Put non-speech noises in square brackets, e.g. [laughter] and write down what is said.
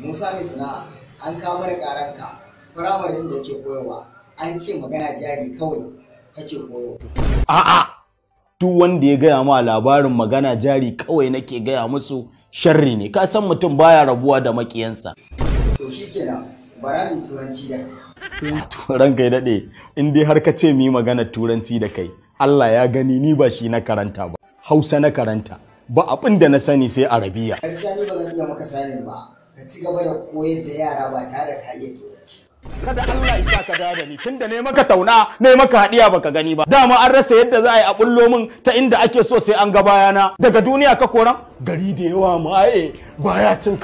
musa mai sana'a an kama da karanka firamarin da yake koyarwa an ce magana jari kawai kake koyo a'a duk wanda ya gaya ma labarin magana jari kawai nake gaya musu sharri ne ka san mutum baya rabuwa da makiyansa to shikenan bara mu turanci da kai [laughs] ranka ya dade in dai har ka ce mu yi magana turanci da kai Allah ya gani ni ba shi na karanta ba Hausa na karanta ba abin da na sani sai Arabiya gaskiya ni ba zan iya maka sanin ba ka ci gaba da koyar da yara ba tare da ka iya kada Allah ya saka da da ni tunda ne maka tauna ne maka hadiya baka gani ba dama an rasa yadda za a yi a bullo min ta inda ake so sai an ga bayana daga duniya ka koran gari da yawa ma'aye eh, baya cin